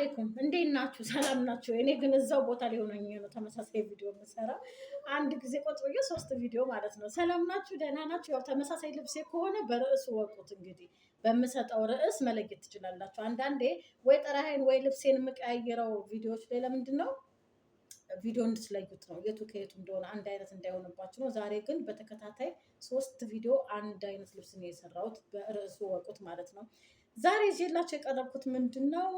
አሌይኩም እንዴት ናችሁ? ሰላም ናችሁ? እኔ ግን እዛው ቦታ ላይ ሆነኝ ነው ተመሳሳይ ቪዲዮ የምሰራ አንድ ጊዜ ቆጥብዬ ሶስት ቪዲዮ ማለት ነው። ሰላም ናችሁ? ደህና ናችሁ? ያው ተመሳሳይ ልብሴ ከሆነ በርዕሱ ወቁት። እንግዲህ በምሰጠው ርዕስ መለየት ትችላላችሁ። አንዳንዴ ወይ ጠራይን ወይ ልብሴን የምቀያየረው ቪዲዮዎች ላይ ለምንድን ነው ቪዲዮ እንድትለዩት ነው፣ የቱ ከየቱ እንደሆነ አንድ አይነት እንዳይሆንባችሁ ነው። ዛሬ ግን በተከታታይ ሶስት ቪዲዮ አንድ አይነት ልብስ ነው የሰራሁት፣ በርዕሱ ወቁት ማለት ነው። ዛሬ ይዤላቸው የቀረብኩት ምንድን ነው?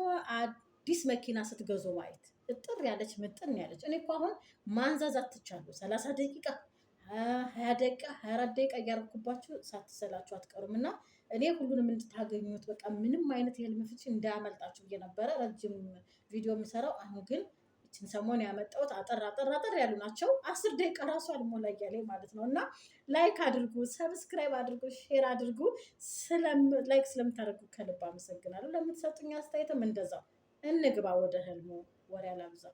አዲስ መኪና ስትገዙ ማየት እጥር ያለች ምጥን ያለች። እኔ እኮ አሁን ማንዛዝ አትቻለሁ። ሰላሳ ደቂቃ ሀያ ደቂቃ ሀያ አራት ደቂቃ እያደረኩባችሁ ሳትሰላችሁ አትቀሩም። እና እኔ ሁሉንም እንድታገኙት በቃ ምንም አይነት የህልም ፍቺ እንዳያመልጣችሁ ብዬ ነበረ ረጅም ቪዲዮ የምሰራው። አሁን ግን ይችን ሰሞን ያመጣሁት አጠር አጠር አጠር ያሉ ናቸው። አስር ደቂቃ ራሱ አልሞላ እያለ ማለት ነው። እና ላይክ አድርጉ፣ ሰብስክራይብ አድርጉ፣ ሼር አድርጉ። ላይክ ስለምታደርጉ ከልብ አመሰግናለሁ። ለምትሰጡኝ አስተያየትም እንደዛው እንግባ ወደ ህልሙ። ወሬ አላብዛ።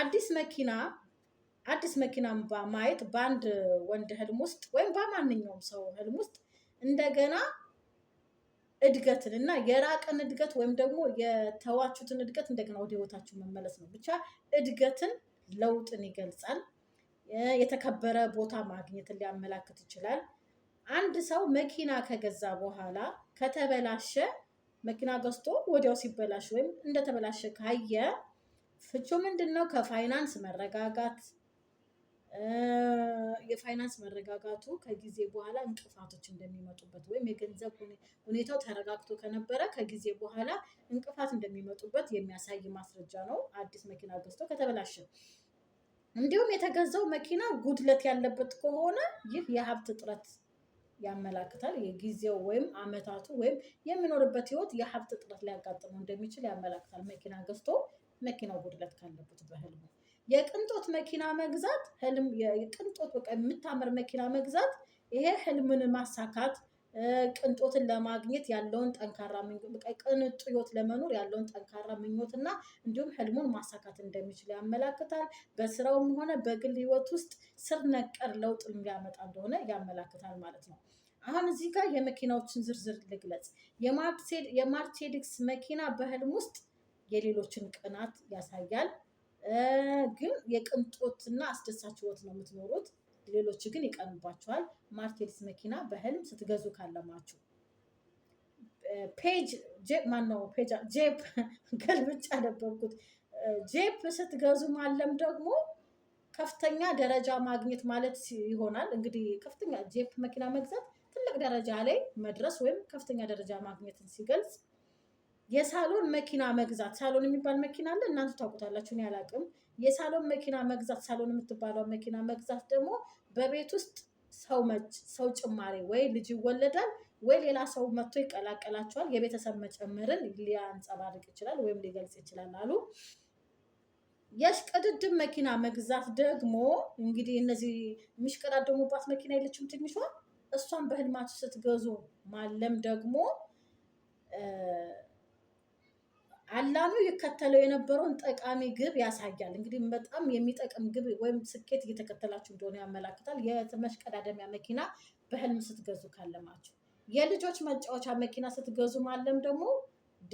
አዲስ መኪና አዲስ መኪና ማየት በአንድ ወንድ ህልም ውስጥ ወይም በማንኛውም ሰው ህልም ውስጥ እንደገና እድገትን እና የራቀን እድገት ወይም ደግሞ የተዋቹትን እድገት እንደገና ወደ ህይወታችሁ መመለስ ነው። ብቻ እድገትን፣ ለውጥን ይገልጻል። የተከበረ ቦታ ማግኘትን ሊያመላክት ይችላል። አንድ ሰው መኪና ከገዛ በኋላ ከተበላሸ መኪና ገዝቶ ወዲያው ሲበላሽ ወይም እንደተበላሸ ካየ ፍቹ ምንድን ነው? ከፋይናንስ መረጋጋት የፋይናንስ መረጋጋቱ ከጊዜ በኋላ እንቅፋቶች እንደሚመጡበት ወይም የገንዘብ ሁኔታው ተረጋግቶ ከነበረ ከጊዜ በኋላ እንቅፋት እንደሚመጡበት የሚያሳይ ማስረጃ ነው። አዲስ መኪና ገዝቶ ከተበላሸ። እንዲሁም የተገዛው መኪና ጉድለት ያለበት ከሆነ ይህ የሀብት እጥረት ያመላክታል። የጊዜው ወይም አመታቱ ወይም የሚኖርበት ህይወት የሀብት እጥረት ሊያጋጥመው እንደሚችል ያመላክታል። መኪና ገዝቶ መኪናው ጉድለት ካለበት በህልሙ የቅንጦት መኪና መግዛት ህልም የቅንጦት በቃ የምታምር መኪና መግዛት ይሄ ህልምን ማሳካት ቅንጦትን ለማግኘት ያለውን ጠንካራ ቅንጡ ህይወት ለመኖር ያለውን ጠንካራ ምኞትና እንዲሁም ህልሙን ማሳካት እንደሚችል ያመላክታል። በስራውም ሆነ በግል ህይወት ውስጥ ስር ነቀር ለውጥ የሚያመጣ እንደሆነ ያመላክታል ማለት ነው። አሁን እዚህ ጋር የመኪናዎችን ዝርዝር ልግለጽ። የማርሴዲክስ መኪና በህልም ውስጥ የሌሎችን ቅናት ያሳያል። ግን የቅንጦትና አስደሳች ህይወት ነው የምትኖሩት። ሌሎች ግን ይቀኑባቸዋል። ማርኬትስ መኪና በህልም ስትገዙ ካለማችሁ ፔጅ ማነው ፔጅ ጄፕ ገልብጫ ነበርኩት። ጄፕ ስትገዙ ማለም ደግሞ ከፍተኛ ደረጃ ማግኘት ማለት ይሆናል። እንግዲህ ከፍተኛ ጄፕ መኪና መግዛት ትልቅ ደረጃ ላይ መድረስ ወይም ከፍተኛ ደረጃ ማግኘትን ሲገልጽ፣ የሳሎን መኪና መግዛት ሳሎን የሚባል መኪና አለ። እናንተ ታውቁታላችሁ፣ እኔ አላውቅም። የሳሎን መኪና መግዛት ሳሎን የምትባለው መኪና መግዛት ደግሞ በቤት ውስጥ ሰው መጭ ሰው ጭማሪ ወይ ልጅ ይወለዳል ወይ ሌላ ሰው መጥቶ ይቀላቀላቸዋል። የቤተሰብ መጨመርን ሊያንጸባርቅ ይችላል ወይም ሊገልጽ ይችላል አሉ። የሽቅድድም መኪና መግዛት ደግሞ እንግዲህ እነዚህ የሚሽቀዳደሙባት መኪና የለችም ትንሿ፣ እሷን በህልማችሁ ስትገዙ ማለም ደግሞ አላሚው ይከተለው የነበረውን ጠቃሚ ግብ ያሳያል። እንግዲህ በጣም የሚጠቅም ግብ ወይም ስኬት እየተከተላችሁ እንደሆነ ያመላክታል። የመሽቀዳደሚያ መኪና በህልም ስትገዙ ካለማችሁ፣ የልጆች መጫወቻ መኪና ስትገዙ ማለም ደግሞ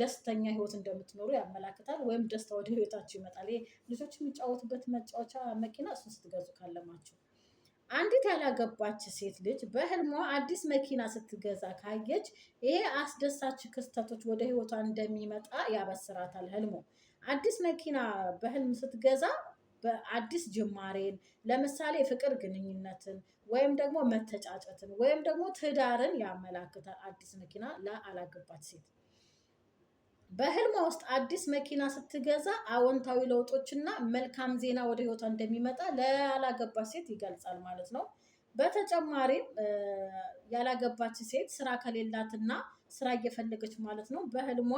ደስተኛ ህይወት እንደምትኖሩ ያመላክታል። ወይም ደስታ ወደ ህይወታችሁ ይመጣል። ልጆች የሚጫወቱበት መጫወቻ መኪና እሱን ስትገዙ ካለማችሁ አንዲት ያላገባች ሴት ልጅ በህልሟ አዲስ መኪና ስትገዛ ካየች ይሄ አስደሳች ክስተቶች ወደ ህይወቷ እንደሚመጣ ያበስራታል ህልሞ አዲስ መኪና በህልም ስትገዛ በአዲስ ጅማሬን፣ ለምሳሌ ፍቅር ግንኙነትን ወይም ደግሞ መተጫጨትን ወይም ደግሞ ትዳርን ያመላክታል። አዲስ መኪና ለአላገባች ሴት በህልሟ ውስጥ አዲስ መኪና ስትገዛ አዎንታዊ ለውጦችና መልካም ዜና ወደ ህይወቷ እንደሚመጣ ለያላገባች ሴት ይገልጻል ማለት ነው። በተጨማሪም ያላገባች ሴት ስራ ከሌላትና ስራ እየፈለገች ማለት ነው በህልሟ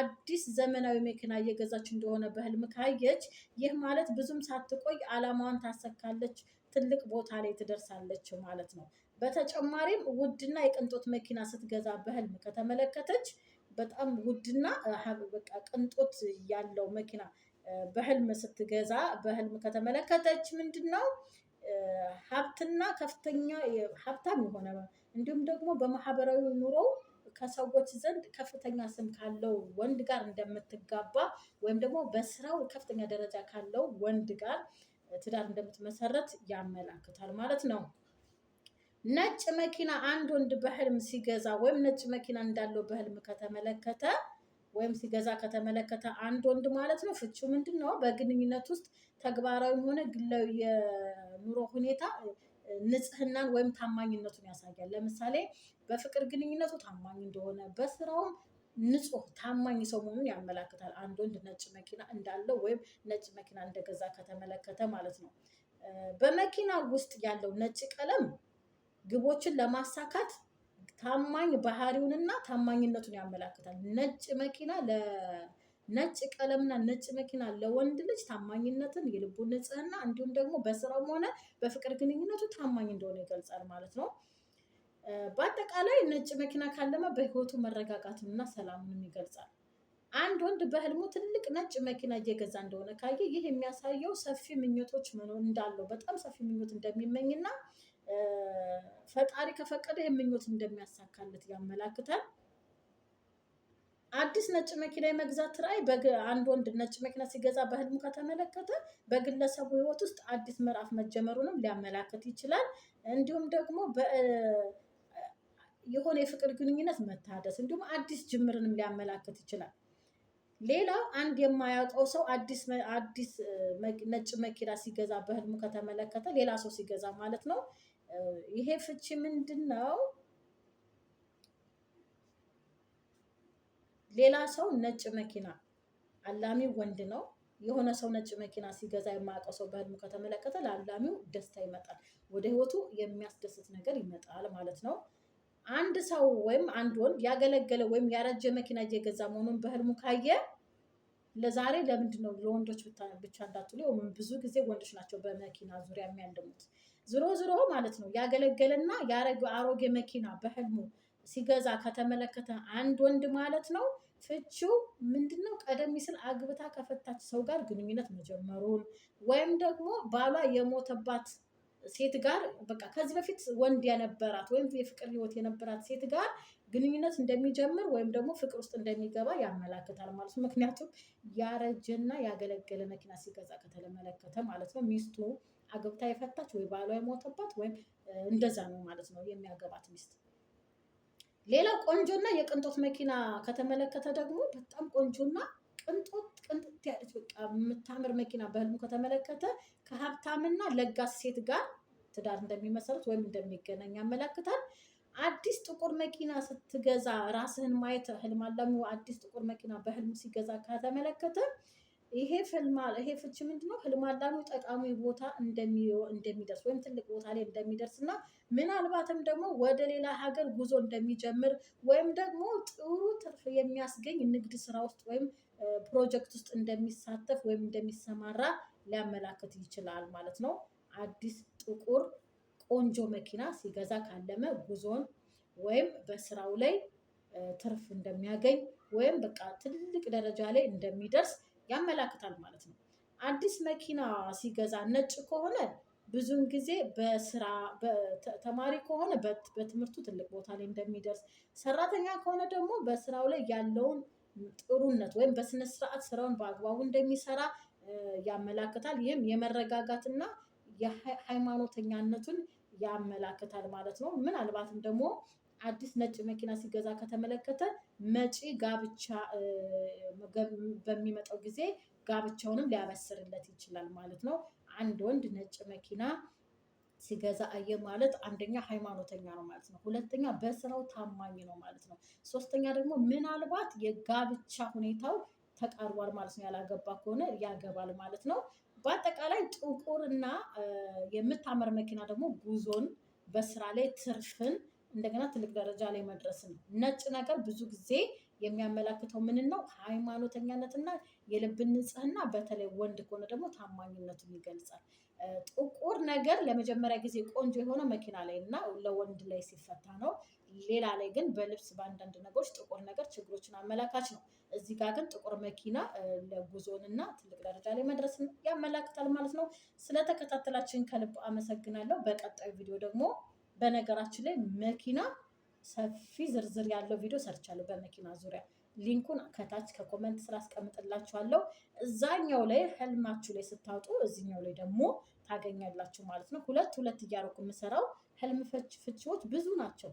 አዲስ ዘመናዊ መኪና እየገዛች እንደሆነ በህልም ካየች፣ ይህ ማለት ብዙም ሳትቆይ አላማዋን ታሰካለች፣ ትልቅ ቦታ ላይ ትደርሳለች ማለት ነው። በተጨማሪም ውድና የቅንጦት መኪና ስትገዛ በህልም ከተመለከተች በጣም ውድና በቃ ቅንጦት ያለው መኪና በህልም ስትገዛ በህልም ከተመለከተች ምንድን ነው ሀብትና ከፍተኛ ሀብታም የሆነ እንዲሁም ደግሞ በማህበራዊ ኑሮ ከሰዎች ዘንድ ከፍተኛ ስም ካለው ወንድ ጋር እንደምትጋባ ወይም ደግሞ በስራው ከፍተኛ ደረጃ ካለው ወንድ ጋር ትዳር እንደምትመሰረት ያመላክታል ማለት ነው። ነጭ መኪና አንድ ወንድ በህልም ሲገዛ ወይም ነጭ መኪና እንዳለው በህልም ከተመለከተ ወይም ሲገዛ ከተመለከተ አንድ ወንድ ማለት ነው። ፍቺው ምንድን ነው? በግንኙነት ውስጥ ተግባራዊም ሆነ ግላዊ የኑሮ ሁኔታ ንጽህናን ወይም ታማኝነቱን ያሳያል። ለምሳሌ በፍቅር ግንኙነቱ ታማኝ እንደሆነ፣ በስራውም ንጹህ ታማኝ ሰው መሆኑን ያመላክታል። አንድ ወንድ ነጭ መኪና እንዳለው ወይም ነጭ መኪና እንደገዛ ከተመለከተ ማለት ነው። በመኪና ውስጥ ያለው ነጭ ቀለም ግቦችን ለማሳካት ታማኝ ባህሪውንና ታማኝነቱን ያመላክታል። ነጭ መኪና ነጭ ቀለምና ነጭ መኪና ለወንድ ልጅ ታማኝነትን፣ የልቡን ንጽህና እንዲሁም ደግሞ በስራም ሆነ በፍቅር ግንኙነቱ ታማኝ እንደሆነ ይገልጻል ማለት ነው። በአጠቃላይ ነጭ መኪና ካለመ በህይወቱ መረጋጋትንና ሰላምን ይገልጻል። አንድ ወንድ በህልሙ ትልቅ ነጭ መኪና እየገዛ እንደሆነ ካየ ይህ የሚያሳየው ሰፊ ምኞቶች መኖር እንዳለው በጣም ሰፊ ምኞት እንደሚመኝና ፈጣሪ ከፈቀደ የምኞት እንደሚያሳካለት ያመላክታል። አዲስ ነጭ መኪና የመግዛት ራዕይ አንድ ወንድ ነጭ መኪና ሲገዛ በህልሙ ከተመለከተ በግለሰቡ ህይወት ውስጥ አዲስ ምዕራፍ መጀመሩንም ሊያመላክት ይችላል። እንዲሁም ደግሞ የሆነ የፍቅር ግንኙነት መታደስ እንዲሁም አዲስ ጅምርንም ሊያመላክት ይችላል። ሌላው አንድ የማያውቀው ሰው አዲስ ነጭ መኪና ሲገዛ በህልሙ ከተመለከተ ሌላ ሰው ሲገዛ ማለት ነው ይሄ ፍቺ ምንድን ነው? ሌላ ሰው ነጭ መኪና አላሚ ወንድ ነው። የሆነ ሰው ነጭ መኪና ሲገዛ የማያውቀው ሰው በህልሙ ከተመለከተ ለአላሚው ደስታ ይመጣል፣ ወደ ህይወቱ የሚያስደስት ነገር ይመጣል ማለት ነው። አንድ ሰው ወይም አንድ ወንድ ያገለገለ ወይም ያረጀ መኪና እየገዛ መሆኑን በህልሙ ካየ ለዛሬ ለምንድን ነው ለወንዶች ብቻ እንዳትሉ፣ ብዙ ጊዜ ወንዶች ናቸው በመኪና ዙሪያ የሚያልሙት። ዝሮ ዝሮ ማለት ነው ያገለገለና ያረገ አሮጌ መኪና በህልሙ ሲገዛ ከተመለከተ አንድ ወንድ ማለት ነው ፍቺው ምንድነው ቀደም ሲል አግብታ ከፈታች ሰው ጋር ግንኙነት መጀመሩን ወይም ደግሞ ባሏ የሞተባት ሴት ጋር በቃ ከዚህ በፊት ወንድ የነበራት ወይም የፍቅር ህይወት የነበራት ሴት ጋር ግንኙነት እንደሚጀምር ወይም ደግሞ ፍቅር ውስጥ እንደሚገባ ያመላክታል ማለት ነው። ምክንያቱም ያረጀና ያገለገለ መኪና ሲገዛ ከተመለከተ ማለት ነው ሚስቱ አገብታ የፈታች ወይ ባሏ የሞተባት ወይም እንደዛ ነው ማለት ነው የሚያገባት ሚስት። ሌላው ቆንጆና የቅንጦት መኪና ከተመለከተ ደግሞ በጣም ቆንጆና ቅንጦት ቅንጦት ያለች በቃ የምታምር መኪና በህልሙ ከተመለከተ ከሀብታምና ለጋስ ሴት ጋር ትዳር እንደሚመሰረት ወይም እንደሚገናኝ ያመለክታል። አዲስ ጥቁር መኪና ስትገዛ ራስህን ማየት ህልም አለሙ። አዲስ ጥቁር መኪና በህልም ሲገዛ ከተመለከተ ይሄ ፍልማ ይሄ ፍቺ ምንድነው? ህልም አላሚው ጠቃሚ ቦታ እንደሚደርስ ወይም ትልቅ ቦታ ላይ እንደሚደርስ እና ምናልባትም ደግሞ ወደ ሌላ ሀገር ጉዞ እንደሚጀምር ወይም ደግሞ ጥሩ ትርፍ የሚያስገኝ ንግድ ስራ ውስጥ ወይም ፕሮጀክት ውስጥ እንደሚሳተፍ ወይም እንደሚሰማራ ሊያመላክት ይችላል ማለት ነው። አዲስ ጥቁር ቆንጆ መኪና ሲገዛ ካለመ ጉዞን ወይም በስራው ላይ ትርፍ እንደሚያገኝ ወይም በቃ ትልቅ ደረጃ ላይ እንደሚደርስ ያመላክታል ማለት ነው። አዲስ መኪና ሲገዛ ነጭ ከሆነ ብዙውን ጊዜ በስራ ተማሪ ከሆነ በትምህርቱ ትልቅ ቦታ ላይ እንደሚደርስ፣ ሰራተኛ ከሆነ ደግሞ በስራው ላይ ያለውን ጥሩነት ወይም በስነስርዓት ስራውን በአግባቡ እንደሚሰራ ያመላክታል። ይህም የመረጋጋትና የሃይማኖተኛነቱን ያመላክታል ማለት ነው። ምናልባትም ደግሞ አዲስ ነጭ መኪና ሲገዛ ከተመለከተ መጪ ጋብቻ በሚመጣው ጊዜ ጋብቻውንም ሊያበስርለት ይችላል ማለት ነው። አንድ ወንድ ነጭ መኪና ሲገዛ አየ ማለት አንደኛ ሃይማኖተኛ ነው ማለት ነው። ሁለተኛ በስራው ታማኝ ነው ማለት ነው። ሶስተኛ ደግሞ ምናልባት የጋብቻ ሁኔታው ተቃርቧል ማለት ነው። ያላገባ ከሆነ ያገባል ማለት ነው። በአጠቃላይ ጥቁር እና የምታምር መኪና ደግሞ ጉዞን፣ በስራ ላይ ትርፍን እንደገና ትልቅ ደረጃ ላይ መድረስ ነው። ነጭ ነገር ብዙ ጊዜ የሚያመላክተው ምንን ነው? ሃይማኖተኛነትና የልብን ንጽህና፣ በተለይ ወንድ ከሆነ ደግሞ ታማኝነቱን ይገልጻል። ጥቁር ነገር ለመጀመሪያ ጊዜ ቆንጆ የሆነው መኪና ላይ እና ለወንድ ላይ ሲፈታ ነው። ሌላ ላይ ግን በልብስ በአንዳንድ ነገሮች ጥቁር ነገር ችግሮችን አመላካች ነው። እዚህ ጋር ግን ጥቁር መኪና ለጉዞን እና ትልቅ ደረጃ ላይ መድረስን ያመላክታል ማለት ነው። ስለተከታተላችን ከልብ አመሰግናለሁ። በቀጣዩ ቪዲዮ ደግሞ በነገራችን ላይ መኪና ሰፊ ዝርዝር ያለው ቪዲዮ ሰርቻለሁ በመኪና ዙሪያ። ሊንኩን ከታች ከኮመንት ስራ አስቀምጥላችኋለሁ። እዛኛው ላይ ህልማችሁ ላይ ስታውጡ፣ እዚኛው ላይ ደግሞ ታገኛላችሁ ማለት ነው። ሁለት ሁለት እያደረኩ የምሰራው ህልም ፍቺዎች ብዙ ናቸው።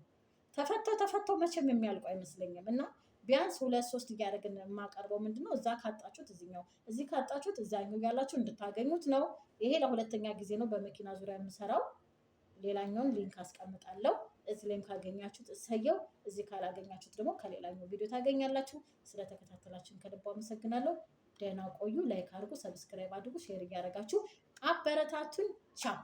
ተፈተው ተፈተው መቼም የሚያልቁ አይመስለኝም እና ቢያንስ ሁለት ሶስት እያደረግን የማቀርበው ምንድነው እዛ ካጣችሁት እዚኛው፣ እዚህ ካጣችሁት እዛኛው ያላችሁ እንድታገኙት ነው። ይሄ ለሁለተኛ ጊዜ ነው በመኪና ዙሪያ የምሰራው። ሌላኛውን ሊንክ አስቀምጣለሁ። እዚህ ላይም ካገኛችሁት እሰየው፣ እዚህ ካላገኛችሁት ደግሞ ከሌላኛው ቪዲዮ ታገኛላችሁ። ስለተከታተላችሁን ከልብ አመሰግናለሁ። ደህና ቆዩ። ላይክ አድርጉ፣ ሰብስክራይብ አድርጉ፣ ሼር እያደረጋችሁ አበረታቱን። ቻው